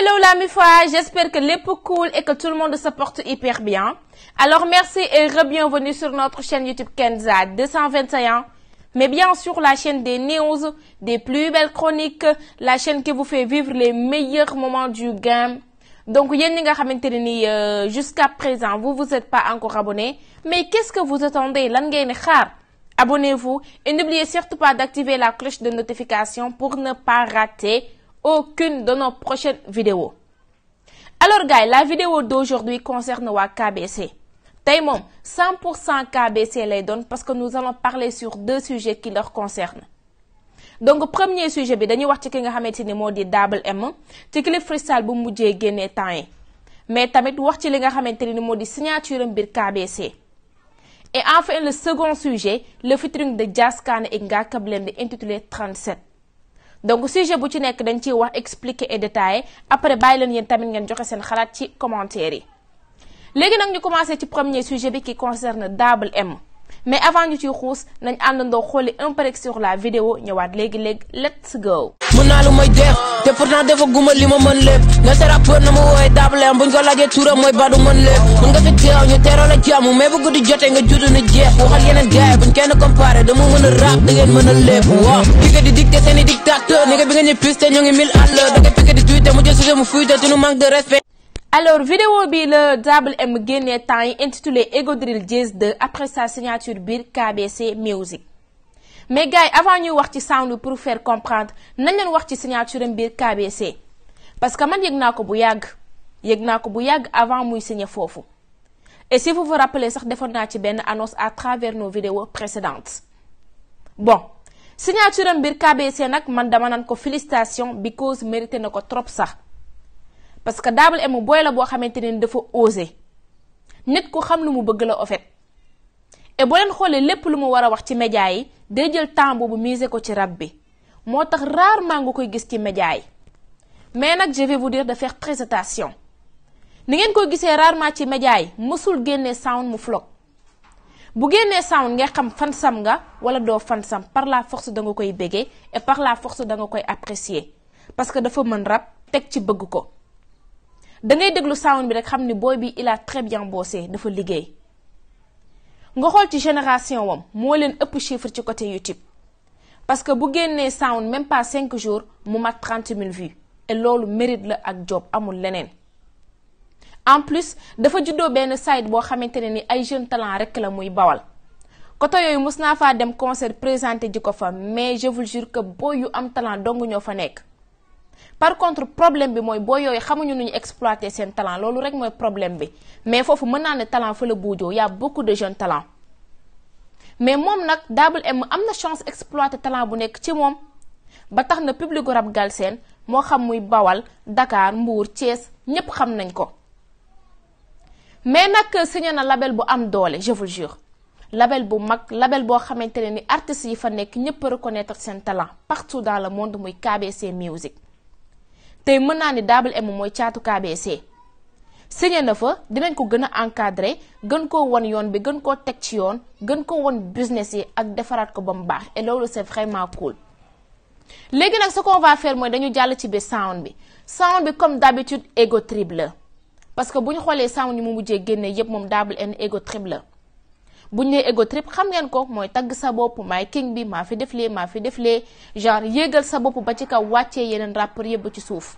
hello la Mifa, j'espère que les cool et que tout le monde se porte hyper bien. Alors merci et re-bienvenue sur notre chaîne YouTube Kenza 221, mais bien sûr la chaîne des news, des plus belles chroniques, la chaîne qui vous fait vivre les meilleurs moments du game. Donc euh, jusqu'à présent, vous vous êtes pas encore abonné, mais qu'est-ce que vous attendez Abonnez-vous et n'oubliez surtout pas d'activer la cloche de notification pour ne pas rater aucune de nos prochaines vidéos. Alors gars, la vidéo d'aujourd'hui concerne KBC. Taïmon, 100% KBC les donne parce que nous allons parler sur deux sujets qui leur concernent. donc premier sujet bi dañuy wax ci ki nga Double M ci clip freestyle bu mujjé génnee temps mais tamit wax ci li nga xamante signature am KBC. et enfin le second sujet le featuring de Jaskan et Nga intitulé 37 donc sujet bu ci nek dañ ci wax expliquer et détailler après bàyyi leen yéen tamit ngeen joxe sen xalat ci commentaire yi léegi commencer ñu commencé ci premier sujet bi qui concerne Double M mais avant ñu ciy xuus nañ àndandoo xooli un peu rek sur la vidéo ñëwaat léegi léegi let's go. mën naa lu may def te pourtant dafa guma li ma mën lépp nga thérapeute na ma woowee daable am buñ ko laajee turam mooy badu mën lépp mën nga fi teew ñu teeroo la jàmm mais bu guddi jotee nga judd na jeex waxal yeneen gars buñ kenn comparé dama mën a rap da mën a lépp waaw pique di dicté seen i dictateur ni nga bi nga ñu piste ñoo ngi mille à l'heure da de respect alors vidéo bi le Double M génnee intitulé Ego Drill Jazz après sa signature bir KBC Music mais gars avant de wax ci sound pour faire comprendre nañ leen wax ci signature de KBC parce que man yëg naa bu yag, yëg bu yag avant muy signer fofu. et si vous vous rappelez ça defoon na ci ben annonce à travers nos vidéos précédentes bon signature de KBC nak man dama nan ko félicitation because mérité nako trop sax parce que Double M boy la bo xamante dafa oser nit ko xam lu mu bëgg la en fait et bo len xolé lepp lu mu wara wax ci media yi day jël temps bu miser ko ci rabbi motax rarement nga koy gis ci media yi mais nak je vais vous dire de faire présentation. ni ngeen koy gisee rarement ci media yi musul génné sound mu flog bu génné sound nga xam fan sam nga wala do fan sam par la force da nga koy béggee et par la force da nga koy apprécier parce que dafa mën rap tek ci bëgg ko. da ngay déglu sound bi rek xam ni booy bi il a très bien bossé dafa liggéey nga xool ci génération wam moo leen ëpp chiffre ci côté ci parce que bu génnee sound même pas cinq jours mu mat trente mille vues et loolu mérite la ak job amul leneen en plus dafa juddoo benn site boo xamante ne ni ay jeunes talent rek la muy bawal côté yooyu mos naa faa dem concert présenté ji ko fa mais je vous jure que booy yu am talent dong ñoo fa nekk par contre problème bi mooy boo yooyu xamuñu nu ñu exploiter seen talent loolu rek mooy problème bi mais foofu mën naa ne talent le la Il y' a beaucoup de jeunes talents mais moi, nak Double M am na chance exploiter talent bu nek ci mom ba tax na public rap sen mo xam muy Bawal Dakar Mbour Thiès ñep xam nañ ko mais nak signé na label bu am doole je vous jure label bu mag label bo. xamanteni artiste yi fa nek ñep reconnaître sen talent partout dans le monde muy KBC Music tey mën naa ni Double M mooy caatu KBC signé na fa dinañ ko gën a encadrer gën koo won yoon bi gën koo teg ci yoon gën ko won business yi ak defaraat ko ba mu baax et se vraiment cool léegi nag ce qu'on va faire mooy dañu jàll ci bi sound bi sound bi comme d'habitude ego trip la parce que bu ñu xoolee sound yi mu mujjee génne yépp moom Double M ego trip la buñ nee ego trip xam ngeen ko mooy tagg sa bopp maay king bi maa fi def lee maa fi def lee genre yéegal sa bopp ba ci kaw wàccee yeneen rappeur yëpp ba ci suuf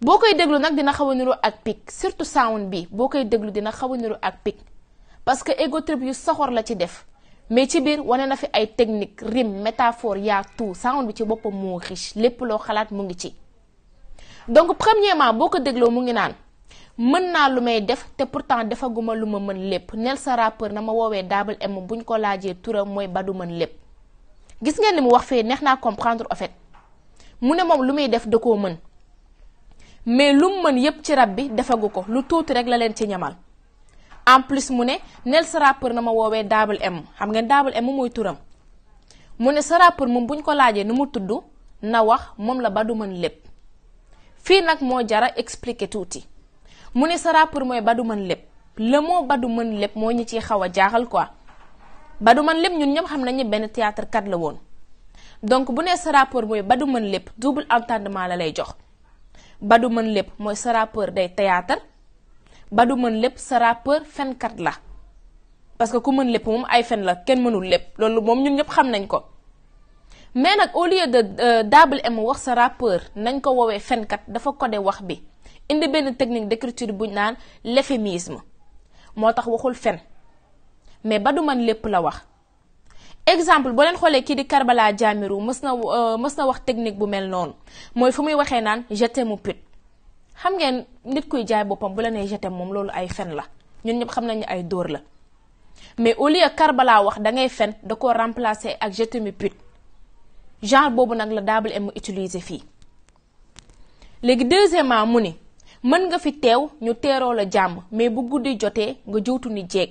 boo koy déglu nag dina xaw a niru ak pic surtout sound bi boo koy déglu dina xaw a niru ak pic parce que ego trip yu soxor la ci def mais ci biir wane na fi ay technique rime métaphore yaa tout sound bi ci boppam moo riche lépp loo xalaat mu ngi ci donc premièrement boo ko dégloo mu ngi naan. mën naa lu may def te pourtant defaguma lu ma mën lépp nel sa rappeur na ma woowee Double M buñ ko laajee turam mooy ba du mën lépp gis ngeen li mu wax fee neex naa comprendre en fait mu ne moom lu muy def da koo mën mais lu mu mën yépp ci rab bi defagu ko lu tuuti rek la leen ci ñamal en plus mu ne nel sa rappeur na ma woowee Double M xam ngeen Double M mooy turam mu ne sa rappeur moom buñ ko laajee nu mu tudd na wax moom la ba du mën lépp fii nag moo jara expliquer tuuti mu ne sa rappeur mooy badu mën lépp le badu mën lépp moo ñu ciy xaw a jaaxal quoi badu mën lépp ñun ñëpp xam nañu benn théâtre kat la woon donc bu nee sa rappeur mooy badu mën lépp double entendement la lay jox badu mën lépp mooy sa rappeur day théâtre badu mën lépp sa rappeur fenkat la parce que ku mën lépp moom ay fen la kenn mënul lépp loolu moom ñun ñëpp xam nañ ko mais nag au lieu de euh, Double M wax sa rappeur nañ ko woowee fenkat dafa codé wax bi indi benn technique d'écriture buñ naan l'éphémisme moo tax waxul fen mais ba du man lépp la wax exemple boo leen xoolee kii di Karbala Jamiru mës na euh, mës technique bu mel noonu mooy fu muy waxee naan je mu vous xam ngeen nit kuy jaay boppam bu la je ay fen la ñun ay mais au lieu Karbala wax da ngay fen da koo remplacer ak je mu genre boobu nag la Double M utiliser fii deuxièmement mën nga fi teew ñu teeroo la jàmm mais bu guddi jotee nga juutu ni jeeg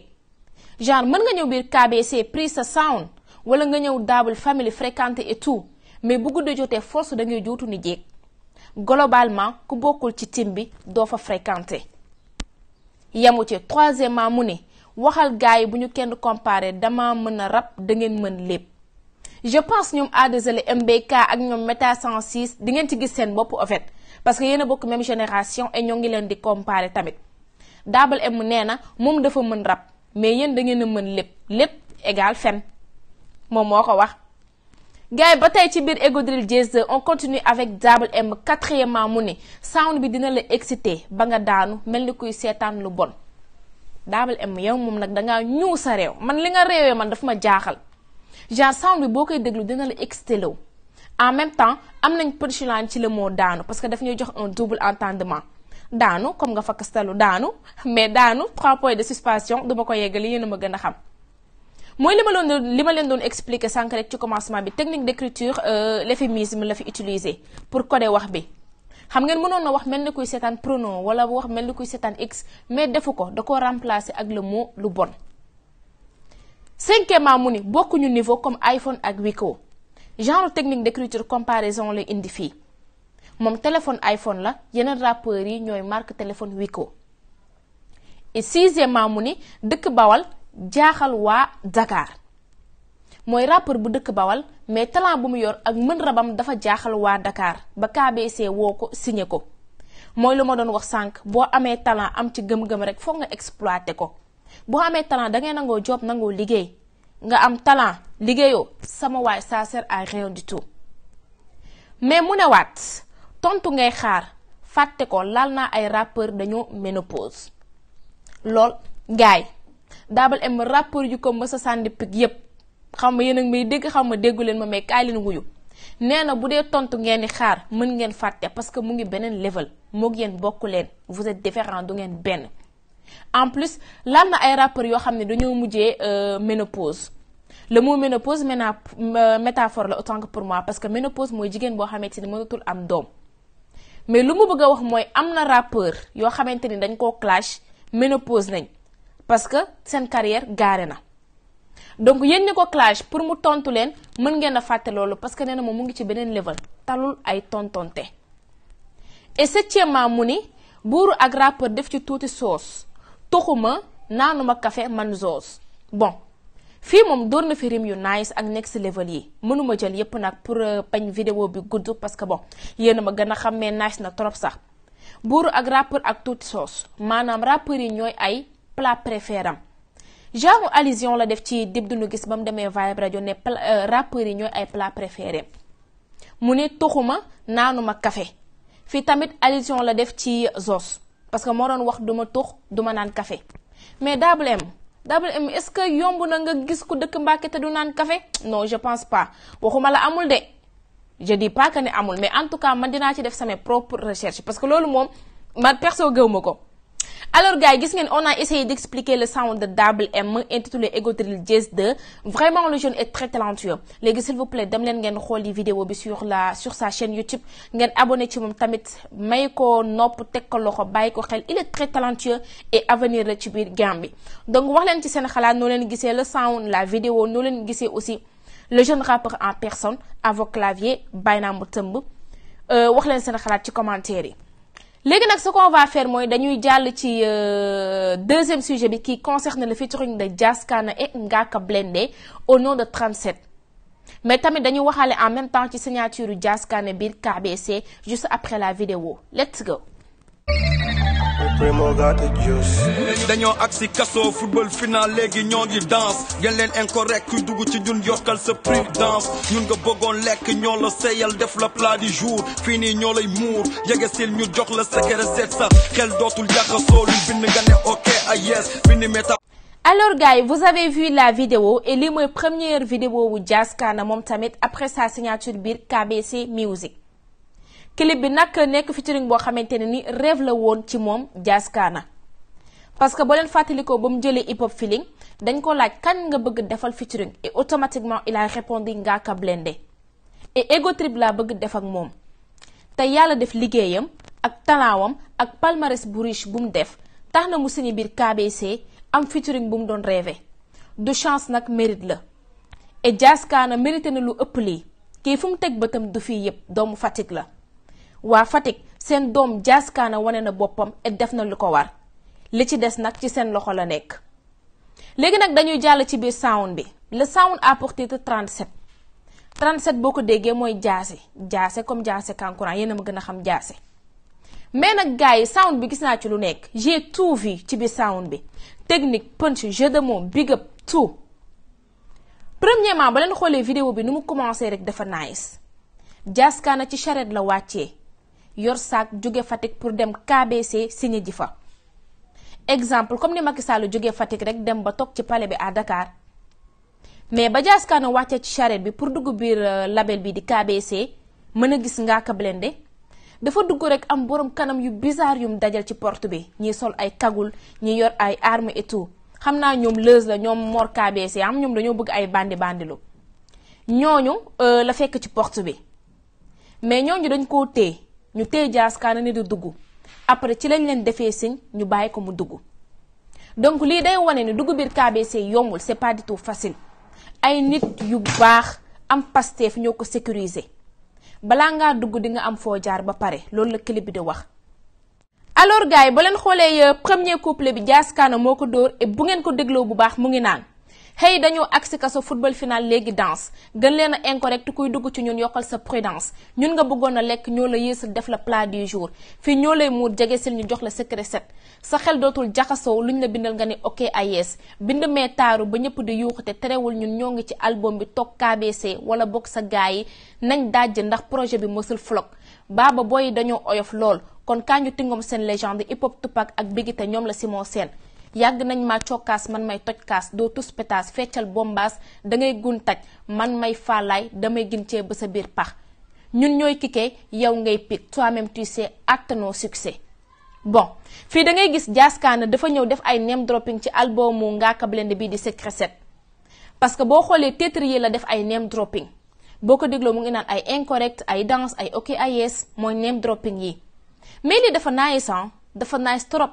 genre mën nga ñëw biir KBC prise sa sound wala nga ñëw double family fréquenté et tout mais bu guddi jotee force dangay ngay ni jeeg globalement ku bokkul ci team bi doo fa fréquenté yemu ci troisièmement mu ni waxal gars yi bu ñu kenn comparé dama mën a rab da ngeen mën lépp je pense ñoom A2L MBK ak ñoom Meta 106 di ngeen ci gis seen bopp en parce que yéen a bokk même génération et ñongi ngi di comparer tamit Double M néna mom dafa mën rap mais yeen da ngeen a mën lépp lépp égal fen moom moo ko wax. gars ba tey ci biir Ego Jazz on continue avec Double M quatrièmement mu ne sound bi dina la excité ba nga daanu mel ni kuy seetaan lu bon. Double M yow moom nag dangaa ñëw sa réew man li nga réewee man dafa ma jaaxal genre sound bi boo koy déglu dina la excité law en même temps am nañ punchline ci le mot daanu parce que daf ñuy jox un double entendement daanu comme nga fakkastalu daanu mais daanu trois points de suspension duma ko yeggali yéen a ma gën a xam mooy li ma leen doon li ma leen doon expliquer sànq rek ci commencement bi technique d'écriture euh, l'euphémisme la fi utiliser pour coder wax bi xam ngeen mënoon na wax mel ni kuy seetaan pronom wala wax mel ni kuy seetaan x mais defu ko da ko remplacer ak le mot lu bon cinquièmement mu ni bokkuñu comme iPhone ak Wiko genre technique d'écriture comparaison le indi Mon téléphone iPhone la y un yi ñoy marque téléphone Wiko et sixièmement mu deuk Bawal jaaxal Dakar Moy rappeur bu deuk Bawal mais talent bu mu yor ak mën dafa Dakar ba KBC woko signé ko mooy luma doon wax sank bo talent am ci gëm-gëm rek nga da job nango nga am talent liggéeyoo sama waay ça sert à rien du tout mais mu ne waat tontu ngay xaar fàtte ko laal naa ay rappeur dañoo ménopause lool gaay Double M rappeur yu ko mës a sànni pig yépp xam ma yéen a ngi may dégg xam ma déggu leen ma mais kaay leen wuyu nee na bu dee tontu ngeen di xaar mën ngeen fàtte parce que mu ngi beneen level moo yéen bokk leen vous êtes différent du ngeen benn en plus laal na ay rappeurs yoo xam ne dañoo mujjee euh, ménopause le mot ménopause ména euh, métaphore la autant que pour moi parce que ménopause mooy jigéen boo xamante ne mënatul am doom mais lu mu bëgg a wax mooy am na rappeur yoo xamante ni dañ koo clash ménopause nañ parce que seen carrière gaare na donc yéen ñi ko clash pour mu tontu leen mën ngeen a fàtte loolu parce que nee na moom mu ngi ci beneen level talul ay tontonte et septièmement mu ni buuru ak rappeur def ci tuuti soos toxuma naanuma kafe man zoos bon fii moom door na fi rim yu nice ak next level yi mënuma jël yépp nag pour euh, bañ video bi gudd parce que bon yéen a ma gën a xàmmee nice na trop sax buuru ak rappeur ak tuuti soos maanaam rappeurs yi ñooy ay plat préféré am genre allusion la def ci dib duñu gis ba mu demee Vibe Radio ne euh, rappeurs yi ñooy ay plat préféré mu ne toxuma naanuma kafe fii tamit allusion la def ci zos parce que mo doon wax duma ma duma du naan café mais Double M Double M est-ce que yomb na nga gis ku dëkk Mbàkke te du naan café non je pense pas waxuma la amul de je dis pas que ne amul mais en tout cas man dinaa ci def mes propre recherche parce que loolu moom ma perso gëw ko alors gars on a essayé d'expliquer le sound de Double M intitulé Ego Drill Jazz 2 vraiment le jeune est très talentueux gars, s'il vous plaît dem leen ngeen vidéo sur la sur sa chaîne YouTube ngeen abonné ci moom tamit may ko nopp teg loxo ko il est très talentueux et à venir ci biir gambi. donc wax leen ci seen xalaat noo le gisee le sound la vidéo nous l'en guissé aussi le jeune rappeur en personne à clavier, claviers Baye Nambou Voilà euh, wax scène ci commentaire ce qu'on va faire nous dañuy faire euh, le deuxième sujet qui concerne le featuring de Jazz et Ngaka Blende au nom de 37 mais tamit dañu waxale en même temps ci signature Jazz Kana biir KBC juste après la vidéo let's go Primo got the juice. dañoo ak si kaso football final léegi ñoo ngi danse ngeen leen incorrect kuy dugg ci ñun yokkal sa prudence ñun nga bëggoon lekk ñoo la seyal def la plat du jour Fini nii ñoo lay muur yege sil ñu jox la secret set sa xel dootul yàqasoo lu bind nga ne ok ay yes Fini meta alors gars vous avez vu la vidéo et lii mooy première vidéo wu Jazz Kana moom tamit après sa signature bir KBC Music clip bi nag nekk featuring boo xamante ne ni rêve la woon ci moom jaaskaana Kana parce que boo leen fàttalikoo ba mu jëlee hip hop feeling dañ ko laaj kan nga bëgg defal featuring et automatiquement il a répondu Ngaaka Blindé et Ego Trip laa bëgg def ak moom te yàlla def liggéeyam ak talaawam ak palmarès bu riche bu mu def tax na mu signé biir KBC am featuring bu mu doon rêvé du chance nag mérite la et Diaz Kana na lu ëpp lii kii fu mu teg bëtam du fii yëpp doomu Fatick la waa Fatick seen doom jaaskaana wane na boppam et def na lu ko war li ci des nag ci seen loxo la nekk léegi nag dañuy jàll ci biir sound bi le sound a pour titre 37 37 boo ko déggee mooy jaase jaase comme jaase kankurang yéen a ma gën a xam jaase mais nag gars yi sound bi gis naa ci lu nekk j'ai tout vu ci biir sound bi technique punch jeu de mots big up tout premièrement ba leen xoolee vidéo bi nu mu commencé rek dafa nice jaaskaana ci charrette la wàccee yor saak jóge Fatick pour dem KBC signé ji fa exemple comme ni Macky Sall jóge Fatick rek dem ba toog ci pale bi à Dakar mais ba Dias Kano wàccee ci charrette bi pour dugg biir euh, label bi di KBC mën a gis Ngaaka Blindé dafa dugg rek am borom kanam yu bizarre yum dajal ci porte bi ñi sol ay kagul ñi yor ay arme et xam naa ñoom lëz la ñoom mor KBC am ñoom dañoo bëgg ay bandi bandilu ñooñu euh, la fekk ci port bi mais ñooñu dañ koo téye ñu téye jaaskaana ni di dugg après ci lañ leen defee siñ ñu bàyyi ko mu dugg donc lii day wane ni dugg biir KBC yombul c'est pas du facile ay nit yu baax am Pastef ñoo ko sécuriser balaa ngaa dugg di nga am foo jaar ba pare loolu la clip bi di wax. alors gars yi ba leen xoolee euh, premier couple bi jaaskaana moo ko dóor et bu ngeen ko dégloo bu baax mu ngi naan. xëy dañoo agsi ka sa football final léegi danse gën leen a incorrect kuy dugg ci ñun yokkal sa prudence ñun nga bëggoon a lekk ñoo la yéesal def la plat du jour fii ñoo lay muur jege sil ñu jox la secret set sa xel dootul jaxasoo ñu la bindal nga ne ok ayees bind mee taaru ba ñëpp di yuuxu te terewul ñun ñoo ngi ci album bi toog KBC wala bokk sa gaa yi nañ dajj ndax projet bi mësul flop baaba booy dañoo oyof lool kon Kandji Tingom seen légende hip hop Tupac ak Biggie ñoom la Simon Sène yàgg nañ maa cokkaas man may toj kaas doo tous pétaas feccal bombaas dangay gun taj man may faalaay damay gin cee ba sa biir pax ñun ñooy kikee yow ngay pik toi-même tu sais attanoo succès bon fii da ngay gis jaaskaana dafa ñëw def ay name dropping ci albumu Ngaaka Blindé bii di Secret 7 parce que boo xoolee titre yi la def ay name dropping boo ko dégloo mu ngi naan ay incorrect ay danse ay ok ay mooy name dropping yi mais lii dafa nice dafa nice trop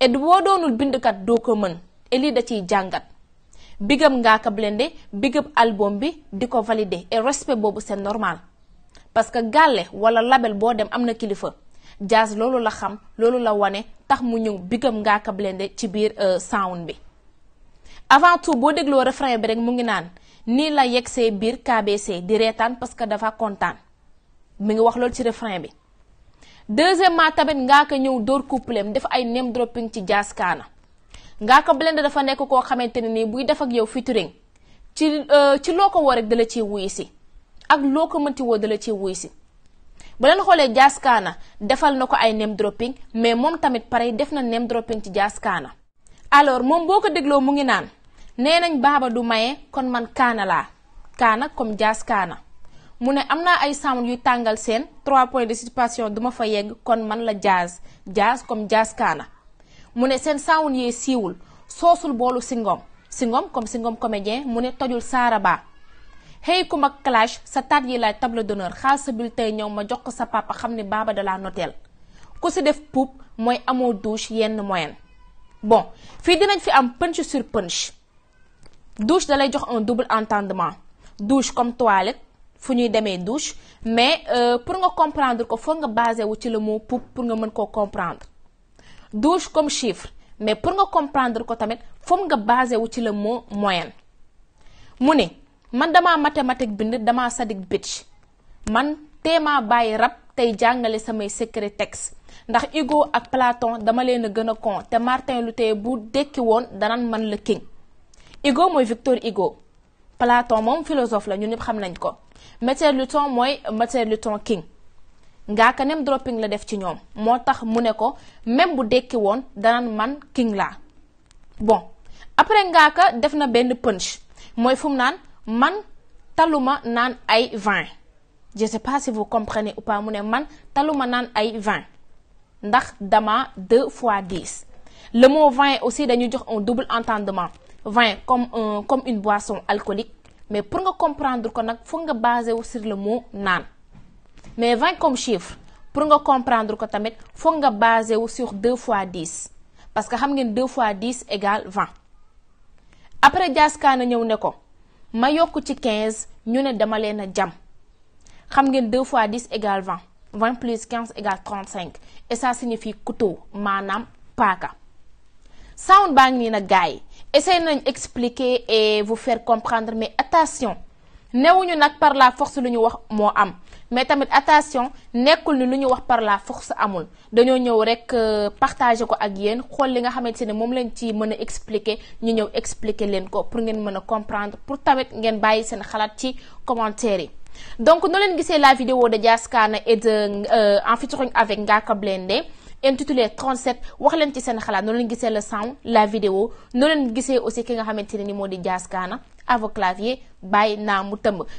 et boo doonul bindkat doo ko mën et lii da ciy jàngat bigam Ngaaka Blindé bigam album bi di ko valide et respect boobu seen normal parce que gàlle wala label boo dem am na kilifa jaas loolu la xam loolu la wane tax mu ñëw bigam ngaa Blindé ci biir euh, sound bi avant tout boo dégloo refrain bi rek mu ngi naan nii la see biir KBC di reetaan parce que dafa kontaan mu ngi wax loolu ci refrain bi deuxièmement tamit Ngaaka ñëw dóor couplem def ay name dropping ci Jazz Kana Ngaaka Blindé dafa nekk koo xamante ne nii buy def ak yow featuring ci euh, ci loo ko woor rek dala ci wuy si ak loo ko mënti woo dala ci wuy si ba xoolee Jazz Kana defal na ko ay nem dropping mais moom tamit pare def na name dropping ci Jazz Kana alors moom boo ko dégloo mu ngi naan nee nañ baaba du maye kon man kaana laa kaana comme Jazz Kana mu ne am naa ay sàmm yu tàngal seen trois points de situation duma fa yegg kon man la jazz jazz comme jazz kaana mu ne seen saawun yee siiwul soosul singom singom comme singom comédien mu ne tojul saaraba xëy ku mag clash sa taat yi table d'honneur xaal sa bulletin ñëw ma jox ko sa papa xam ne baaba la noteel si def poup mooy amoo douche yenn moyen bon fii dinañ fi am punch sur punch douche dalay jox un double entendement douche comme toilette démé douche mais euh, pour nga comprendre ko fo nga basé wu ci le mot pour nga comprendre douche comme chiffre mais pour nga comprendre ko tamit fo nga basé wu ci le mot moyenne man mathématique bind sadik bitch man téma samay secret Hugo ak Platon dama Martin Luther bu Won, danan man le king Hugo Victor Hugo Platon mon philosophe la ñun ñep Matière Luton mooy Matière ton King Ngaaka name dropping la def ci ñom motax moi mu ne ko même bu dekki won danaan man King la bon après ka def na Ben punch moy fum nan man taluma nan ay vin je sais pas si vous comprenez ou pas mu ne man taluma nan ay vin ndax dama deux fois dix le mot vin aussi dañu jox un double entendement vin comme un comme une boisson alcoolique mais pour nga comprendre ko nag foog nga basé wu sur le mot naan mais vingt comme chiffre pour nga comprendre ko tamit foog nga basé wu sur deux fois dix parce que xam ngeen deux fois dix égale vingt après jaaskaana ñëw ne ko ma yokk ci quinze ñu ne dama leen a jam xam ngeen deux fois dix égale vingt vingt plus quinze égale trente cinq et ça signifie couteau maanaam paaka sound baa ngi nii nag gars yi essayé nañ expliquer et vous faire comprendre mais attention newuñu nak par la force luñu wax mo am mais tamit attention nekul ni luñu wax par la force amul dañu ñëw rek euh, partager ko ak yeen xol li nga xamanteni mom moom lañ ci mëna expliquer ñu ñëw expliquer leen ko pour ngeen mëna comprendre pour tamit ngeen bayyi seen xalaat ci commentaire donc noo leen la vidéo de Dias et de euh, en featuring avec Ngaaka blende les 37 wax leen ci seen xalaat noonu le son la vidéo noonu leen gisee aussi ki nga xamante ne ni moo di Diaz à vos claviers bye, mu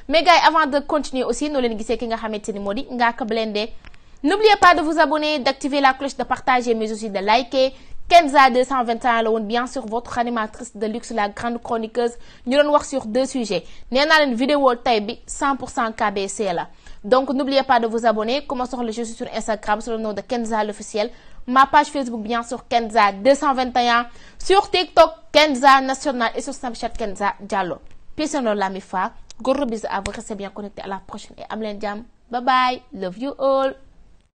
mais gars avant de continuer aussi noonu leen gisee ki nga xamante ni moo di blendé. n'oubliez pas de vous abonner d'activer la cloche de partager mais aussi de liker Kenza 221 la bien sûr votre animatrice de luxe la grande chroniqueuse nous allons wax sur deux sujets nee naa une vidéo tey bi 100 KBCL donc n'oubliez pas de vous abonner Commençons le jeu sur Instagram sur le nom de Kenza l'officiel ma page Facebook bien sûr Kenza 221 sur TikTok Kenza national et sur Snapchat Kenza Diallo Peace la mi fa gros bisous à vous restez bien connectés à la prochaine et am bye bye love you all